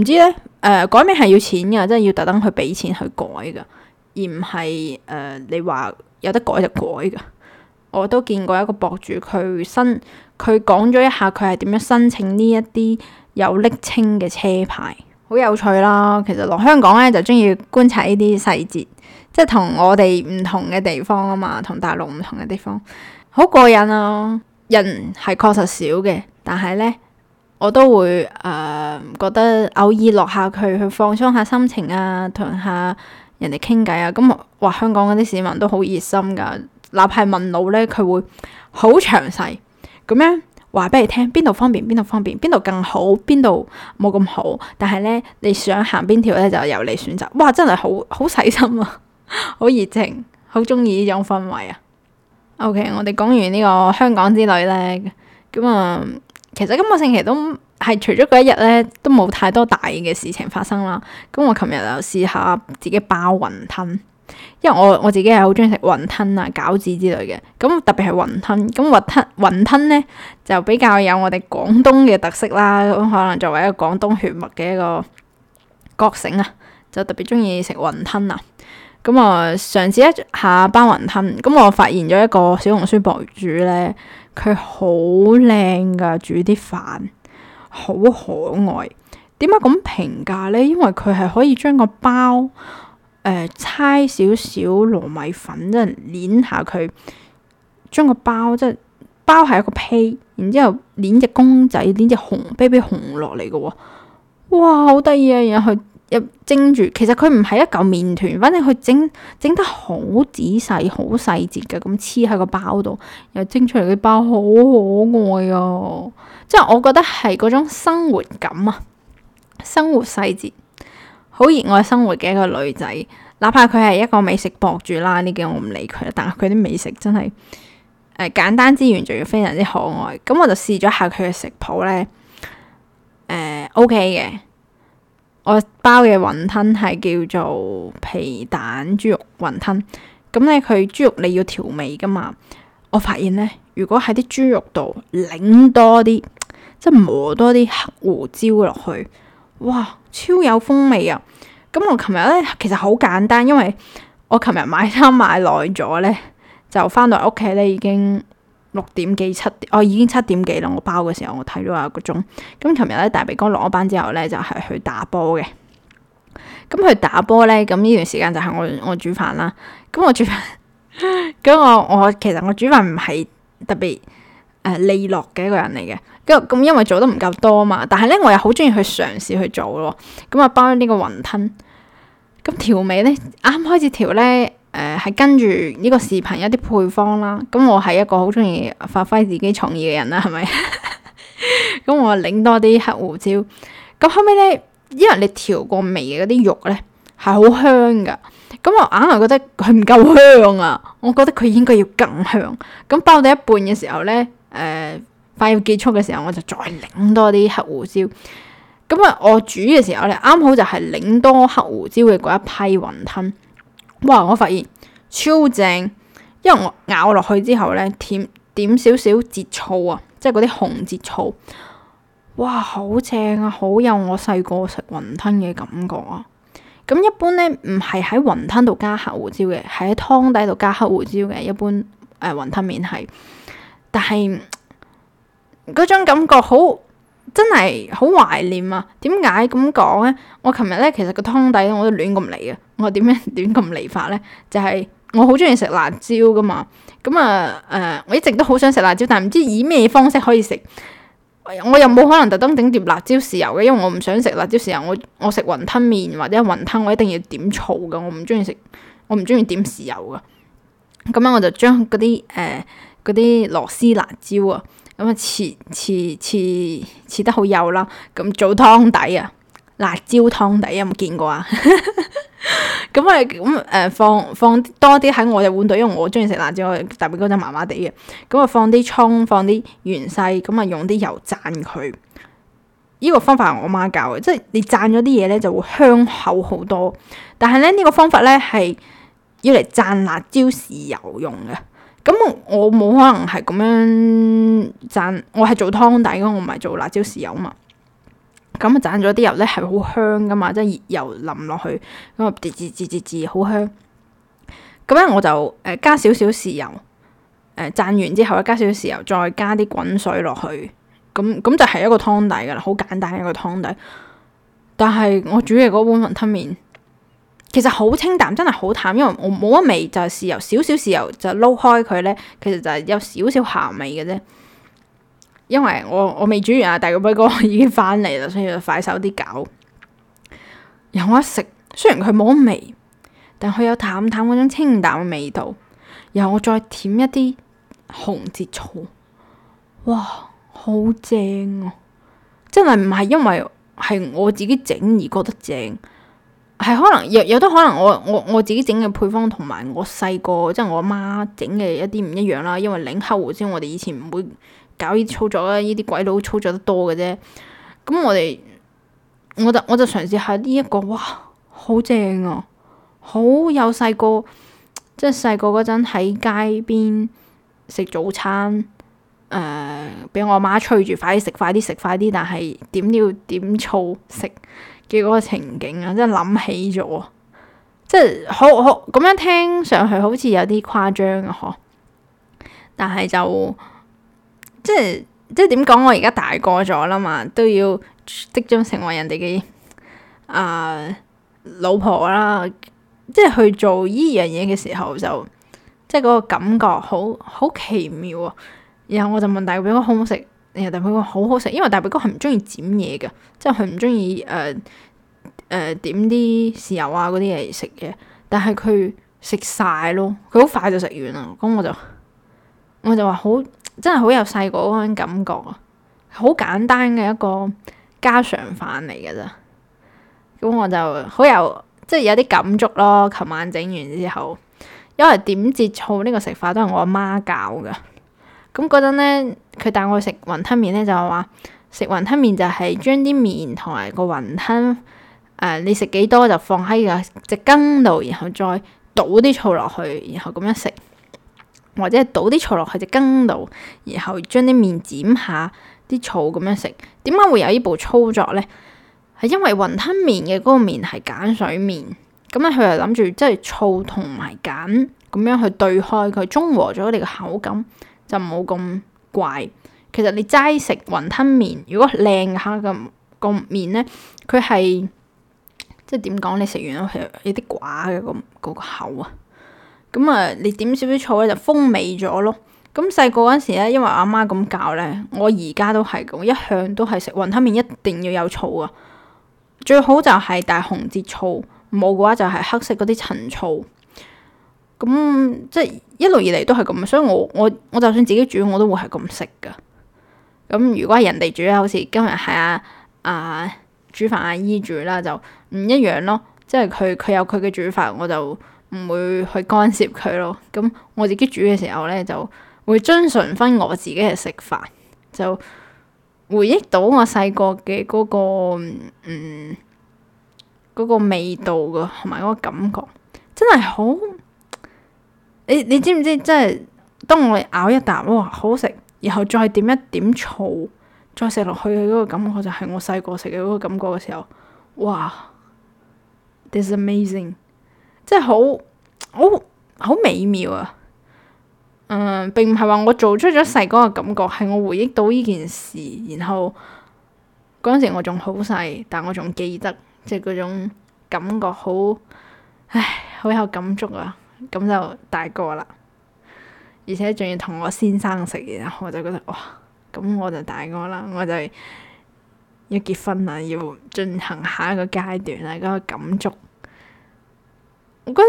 A: 唔知咧誒、呃、改名係要錢㗎，即係要特登去俾錢去改㗎，而唔係誒你話有得改就改㗎。我都見過一個博主佢申佢講咗一下佢係點樣申請呢一啲有暱稱嘅車牌。好有趣啦！其實落香港呢就中意觀察呢啲細節，即係同我哋唔同嘅地方啊嘛，同大陸唔同嘅地方，好過癮啊！人係確實少嘅，但係呢，我都會誒、呃、覺得偶爾落下佢去，去放鬆下心情啊，同下人哋傾偈啊，咁哇香港嗰啲市民都好熱心㗎，哪怕問路呢，佢會好詳細咁樣。話俾你聽，邊度方便邊度方便，邊度更好邊度冇咁好，但係咧你想行邊條咧就由你選擇。哇，真係好好細心啊，好熱情，好中意呢種氛圍啊。OK，我哋講完呢個香港之旅咧，咁、嗯、啊，其實今個星期都係除咗嗰一日咧，都冇太多大嘅事情發生啦。咁我琴日就試下自己包雲吞。因為我我自己係好中意食雲吞啊、餃子之類嘅，咁特別係雲吞，咁雲吞雲吞咧就比較有我哋廣東嘅特色啦。咁可能作為一個廣東血脈嘅一個覺醒啊，就特別中意食雲吞啊。咁啊，嘗試一下包雲吞，咁我發現咗一個小紅書博主咧，佢好靚噶，煮啲飯好可愛。點解咁評價呢？因為佢係可以將個包。誒，搓少少糯米粉，捏即係捏下佢，將個包即係包係一個胚，然之後捏隻公仔，捏隻紅啤啤 b 紅落嚟嘅喎，哇，好得意啊！然後佢入蒸住，其實佢唔係一嚿麵團，反正佢整整得好仔細、好細節嘅，咁黐喺個包度，然後蒸出嚟嘅包好可愛啊！即係我覺得係嗰種生活感啊，生活細節。好熱愛生活嘅一個女仔，哪怕佢係一個美食博主啦，呢啲我唔理佢，但係佢啲美食真係誒、呃、簡單之餘，仲要非常之可愛。咁我就試咗下佢嘅食譜呢。誒、呃、OK 嘅。我包嘅雲吞係叫做皮蛋豬肉雲吞。咁咧佢豬肉你要調味噶嘛？我發現呢，如果喺啲豬肉度擰多啲，即係磨多啲黑胡椒落去。哇，超有風味啊！咁我琴日咧，其實好簡單，因為我琴日買衫買耐咗咧，就翻到屋企咧已經六點幾七點，哦，已經七點幾啦。我包嘅時候我睇咗一個鐘。咁琴日咧大鼻哥落咗班之後咧，就係、是、去打波嘅。咁去打波咧，咁呢段時間就係我我煮飯啦。咁我煮飯，咁 我我其實我煮飯唔係特別。誒、呃，利落嘅一個人嚟嘅，咁咁因為做得唔夠多啊嘛，但係咧我又好中意去嘗試去做咯，咁、嗯、啊包咗呢個雲吞，咁、嗯、調味咧啱開始調咧，誒、呃、係跟住呢個視頻一啲配方啦，咁、嗯、我係一個好中意發揮自己創意嘅人啦，係咪？咁、 嗯、我擰多啲黑胡椒，咁、嗯、後尾咧，因為你調過味嘅嗰啲肉咧係好香噶，咁、嗯、我硬係覺得佢唔夠香啊，我覺得佢應該要更香，咁、嗯、包到一半嘅時候咧。誒快要結束嘅時候，我就再擰多啲黑胡椒。咁、嗯、啊，我煮嘅時候咧，啱好就係擰多黑胡椒嘅嗰一批雲吞。哇！我發現超正，因為我咬落去之後咧，點點少少浙醋啊，即係嗰啲紅浙醋。哇！好正啊，好有我細個食雲吞嘅感覺啊！咁、嗯、一般咧，唔係喺雲吞度加黑胡椒嘅，係喺湯底度加黑胡椒嘅。一般誒、呃、雲吞麵係。但係嗰種感覺好真係好懷念啊！點解咁講呢？我琴日呢，其實個湯底我都亂咁嚟啊！我點樣亂咁嚟法呢？就係、是、我好中意食辣椒噶嘛！咁啊誒、呃，我一直都好想食辣椒，但係唔知以咩方式可以食。我又冇可能特登整碟辣椒豉油嘅，因為我唔想食辣椒豉油。我我食雲吞麵或者雲吞，我一定要點醋噶。我唔中意食，我唔中意點豉油噶。咁樣我就將嗰啲誒。呃嗰啲螺絲辣椒啊，咁啊切切切切得好幼啦，咁、嗯、做湯底啊，辣椒湯底有冇見過啊？咁啊咁誒放放,放多啲喺我哋碗度，因為我中意食辣椒，特別嗰陣麻麻地嘅。咁啊放啲葱，放啲芫茜，咁、嗯、啊用啲油灒佢。呢、這個方法係我媽教嘅，即係你灒咗啲嘢咧就會香口好多。但係咧呢、這個方法咧係要嚟灒辣椒豉油用嘅。咁我我冇可能係咁樣攢，我係做湯底嘅，我唔係做辣椒豉油啊嘛。咁啊攢咗啲油咧係好香噶嘛，即係熱油淋落去，咁啊嗞吱吱吱吱，好香。咁咧我就誒、呃、加少少豉油，誒、呃、攢完之後加少少豉油，再加啲滾水落去。咁咁就係一個湯底噶啦，好簡單一個湯底。但係我煮嘅嗰碗雲吞麵，其實好清淡，真係好淡，因為我冇乜味，就係、是、豉油少少豉油就撈開佢呢，其實就係有少少鹹味嘅啫。因為我我未煮完啊，大個輝哥已經翻嚟啦，所以就快手啲搞。然後我一食，雖然佢冇乜味，但佢有淡淡嗰種清淡嘅味道。然後我再舔一啲紅節醋，哇，好正啊！真係唔係因為係我自己整而覺得正。係可能有有得可能我我我自己整嘅配方同埋我細個，即係我阿媽整嘅一啲唔一樣啦，因為領黑胡椒先，我哋以前唔會搞呢啲操作啦，呢啲鬼佬操作得多嘅啫。咁我哋我就我就嘗試下呢、這、一個，哇，好正啊，好有細個，即係細個嗰陣喺街邊食早餐，誒、呃，俾我阿媽催住，快啲食，快啲食，快啲，但係點都要點醋食。嘅嗰個情景啊，即係諗起咗，啊，即係好好咁樣聽上去好似有啲誇張啊，嗬！但係就即係即係點講？我而家大個咗啦嘛，都要即將成為人哋嘅啊老婆啦，即係去做依樣嘢嘅時候就，就即係嗰個感覺好好奇妙啊！然後我就問大表哥，俾我好唔好食？又大髀骨好好食，因為大髀骨係唔中意點嘢嘅，即係佢唔中意誒誒點啲豉油啊嗰啲嚟食嘅。但係佢食晒咯，佢好快就食完啦。咁我就我就話好，真係好有細個嗰種感覺啊！好簡單嘅一個家常飯嚟嘅咋。」咁我就好有即係有啲感觸咯。琴晚整完之後，因為點節醋呢個食法都係我阿媽教嘅。咁嗰陣呢。佢帶我去食雲吞麵呢，就係話食雲吞麵就係將啲麵同埋個雲吞誒、呃，你食幾多就放喺個隻羹度，然後再倒啲醋落去，然後咁樣食，或者係倒啲醋落去隻羹度，然後將啲麵剪下啲醋咁樣食。點解會有依步操作呢？係因為雲吞麵嘅嗰個麵係鹼水麵，咁咧佢又諗住即係醋同埋鹼咁樣去對開佢，中和咗你嘅口感，就冇咁。怪、那個，其實你齋食雲吞麵，如果靚下咁個麵呢，佢係即係點講？你食完都係有啲寡嘅個個口啊。咁啊，你點少少醋咧就風味咗咯。咁細個嗰陣時咧，因為我阿媽咁教呢，我而家都係，我一向都係食雲吞麵一定要有醋啊。最好就係大紅浙醋，冇嘅話就係黑色嗰啲陳醋。咁即係一路以嚟都係咁，所以我我我就算自己煮，我都會係咁食噶。咁如果係人哋煮咧，好似今日係阿阿煮飯阿姨煮啦，就唔一樣咯。即係佢佢有佢嘅煮法，我就唔會去干涉佢咯。咁我自己煮嘅時候咧，就會遵循翻我自己嘅食法，就回憶到我細個嘅嗰個嗯嗰個味道噶，同埋嗰個感覺，真係好。你你知唔知即係當我哋咬一啖哇，好食，然後再點一點醋再食落去嘅嗰個感覺就係我細個食嘅嗰個感覺嘅時候，哇，this is amazing，即係好好好美妙啊！嗯，並唔係話我做出咗細個嘅感覺，係我回憶到呢件事，然後嗰陣時我仲好細，但我仲記得即係嗰種感覺好，唉，好有感觸啊！咁就大個啦，而且仲要同我先生食嘢。我就覺得哇，咁我就大個啦，我就要結婚啦，要進行下一個階段啦，嗰個感觸。我覺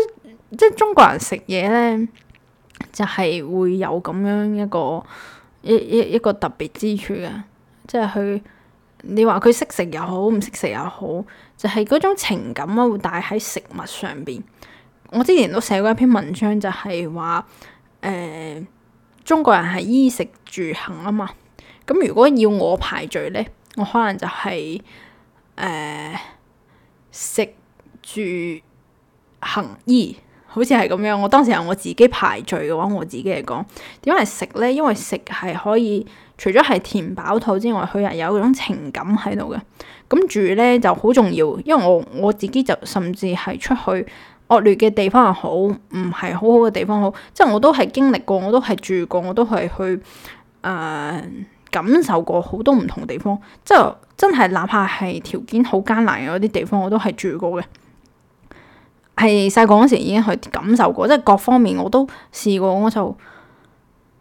A: 得即係中國人食嘢咧，就係會有咁樣一個一一一個特別之處嘅，即係佢你話佢識食又好，唔識食又好，就係嗰種情感啊，會帶喺食物上邊。我之前都寫過一篇文章就，就係話誒，中國人係衣食住行啊嘛。咁如果要我排序呢，我可能就係、是、誒、呃、食住行衣，好似係咁樣。我當時係我自己排序嘅話，我自己嚟講點解食呢？因為食係可以除咗係填飽肚之外，佢係有嗰種情感喺度嘅。咁住呢就好重要，因為我我自己就甚至係出去。惡劣嘅地方又好，唔係好好嘅地方好，即係我都係經歷過，我都係住過，我都係去誒、呃、感受過好多唔同地方，即係真係哪怕係條件好艱難嘅嗰啲地方，我都係住過嘅。係細個嗰時已經去感受過，即係各方面我都試過，我就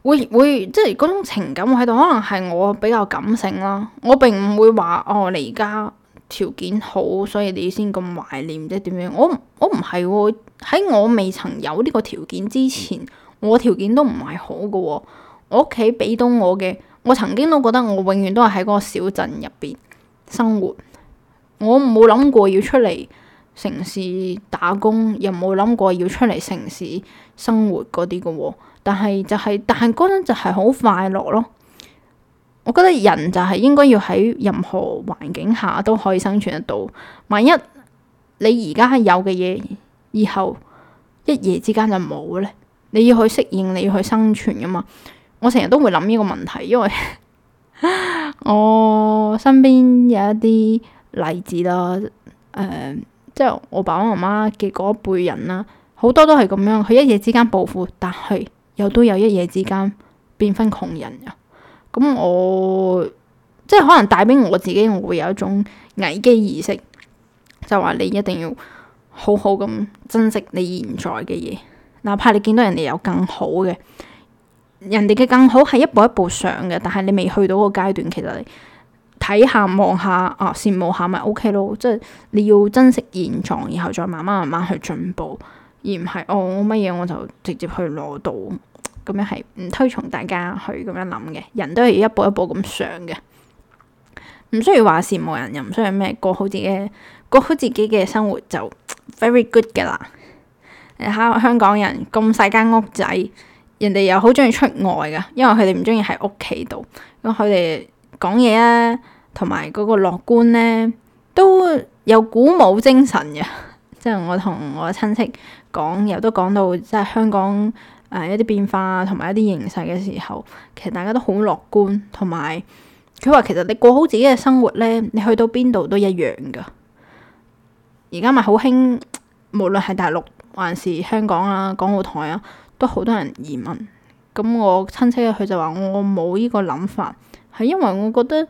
A: 會會即係嗰種情感會喺度，可能係我比較感性啦，我並唔會話哦你而家。條件好，所以你先咁懷念即點樣？我，我唔係喎，喺我未曾有呢個條件之前，我條件都唔係好㗎喎、哦。我屋企俾到我嘅，我曾經都覺得我永遠都係喺嗰個小鎮入邊生活，我冇諗過要出嚟城市打工，又冇諗過要出嚟城市生活嗰啲㗎喎。但係就係、是，但係嗰陣就係好快樂咯。我覺得人就係應該要喺任何環境下都可以生存得到。萬一你而家有嘅嘢，以後一夜之間就冇咧，你要去適應，你要去生存噶嘛。我成日都會諗呢個問題，因為 我身邊有一啲例子啦，誒、呃、即、就、係、是、我爸爸媽媽嘅嗰一輩人啦，好多都係咁樣，佢一夜之間暴富，但係又都有一夜之間變翻窮人噶。咁我即係可能帶俾我自己，我會有一種危機意識，就話你一定要好好咁珍惜你現在嘅嘢，哪怕你見到人哋有更好嘅，人哋嘅更好係一步一步上嘅，但係你未去到個階段，其實你睇下望下啊，羨慕下咪 OK 咯，即係你要珍惜現狀，然後再慢慢慢慢去進步，而唔係哦我乜嘢我就直接去攞到。咁樣係唔推崇大家去咁樣諗嘅，人都係要一步一步咁上嘅，唔需要話羨慕人，又唔需要咩過好自己。過好自己嘅生活就 very good 嘅啦。你睇下香港人咁細間屋仔，人哋又好中意出外噶因為佢哋唔中意喺屋企度。咁佢哋講嘢呀，同埋嗰個樂觀呢，都有鼓舞精神嘅。即 係我同我親戚講，又都講到即係、就是、香港，誒、啊、一啲變化同埋一啲形勢嘅時候，其實大家都好樂觀，同埋佢話其實你過好自己嘅生活呢，你去到邊度都一樣噶。而家咪好興，無論係大陸還是香港啊、港澳台啊，都好多人移民。咁我親戚佢就話我冇呢個諗法，係因為我覺得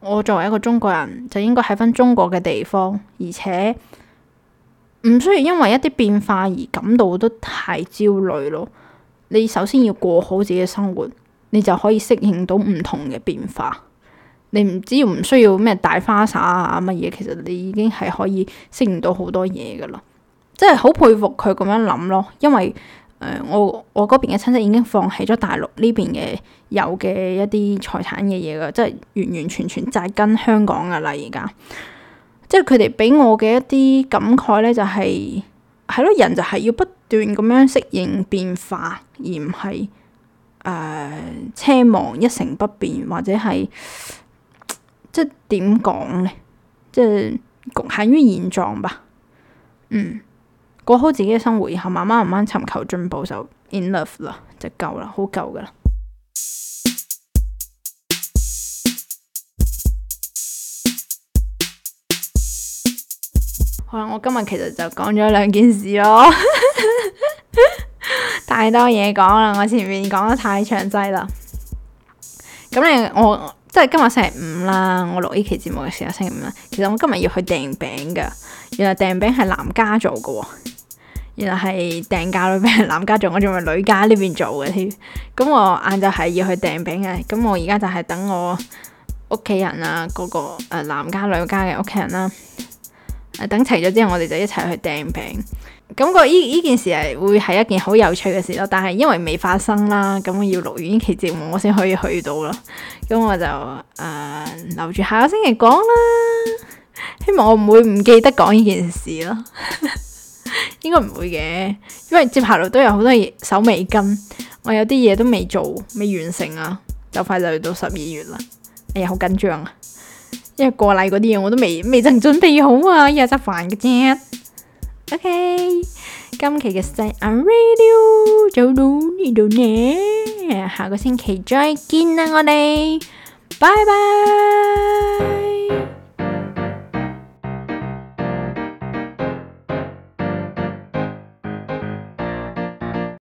A: 我作為一個中國人，就應該喺返中國嘅地方，而且，唔需要因為一啲變化而感到都太焦慮咯。你首先要過好自己嘅生活，你就可以適應到唔同嘅變化。你唔知唔需要咩大花灑啊乜嘢，其實你已經係可以適應到好多嘢噶啦。即係好佩服佢咁樣諗咯，因為誒、呃、我我嗰邊嘅親戚已經放棄咗大陸呢邊嘅有嘅一啲財產嘅嘢噶，即係完完全全就係跟香港噶啦而家。即係佢哋俾我嘅一啲感慨咧，就係係咯，人就係要不斷咁樣適應變化，而唔係誒奢望一成不變，或者係即係點講咧？即係局限於現狀吧。嗯，過好自己嘅生活，然後慢慢慢慢尋求進步就 enough 啦，就夠啦，好夠噶啦。好啦，我今日其實就講咗兩件事咯， 太多嘢講啦，我前面講得太詳細啦。咁你我即係今日星期五啦，我錄呢期節目嘅時候星期五啦。其實我今日要去訂餅噶，原來訂餅係男家做噶，原來係訂嫁女餅係男家做，我仲係女家呢邊做嘅添。咁我晏晝係要去訂餅嘅，咁我而家就係等我屋企人啊，嗰、那個誒男家女家嘅屋企人啦、啊。等齊咗之後，我哋就一齊去訂餅。感覺依依件事係會係一件好有趣嘅事咯。但係因為未發生啦，咁我要錄完呢期節目，我先可以去到咯。咁我就誒、呃、留住下個星期講啦。希望我唔會唔記得講呢件事咯。 應該唔會嘅，因為接下嚟都有好多嘢手尾跟，我有啲嘢都未做，未完成啊。就快就去到十二月啦，哎呀，好緊張啊！因為過嚟嗰啲嘢我都未未曾準備好啊，一日真係煩嘅啫。OK，今期嘅細眼 Radio 就到呢度呢，下個星期再見啦，我哋，拜拜。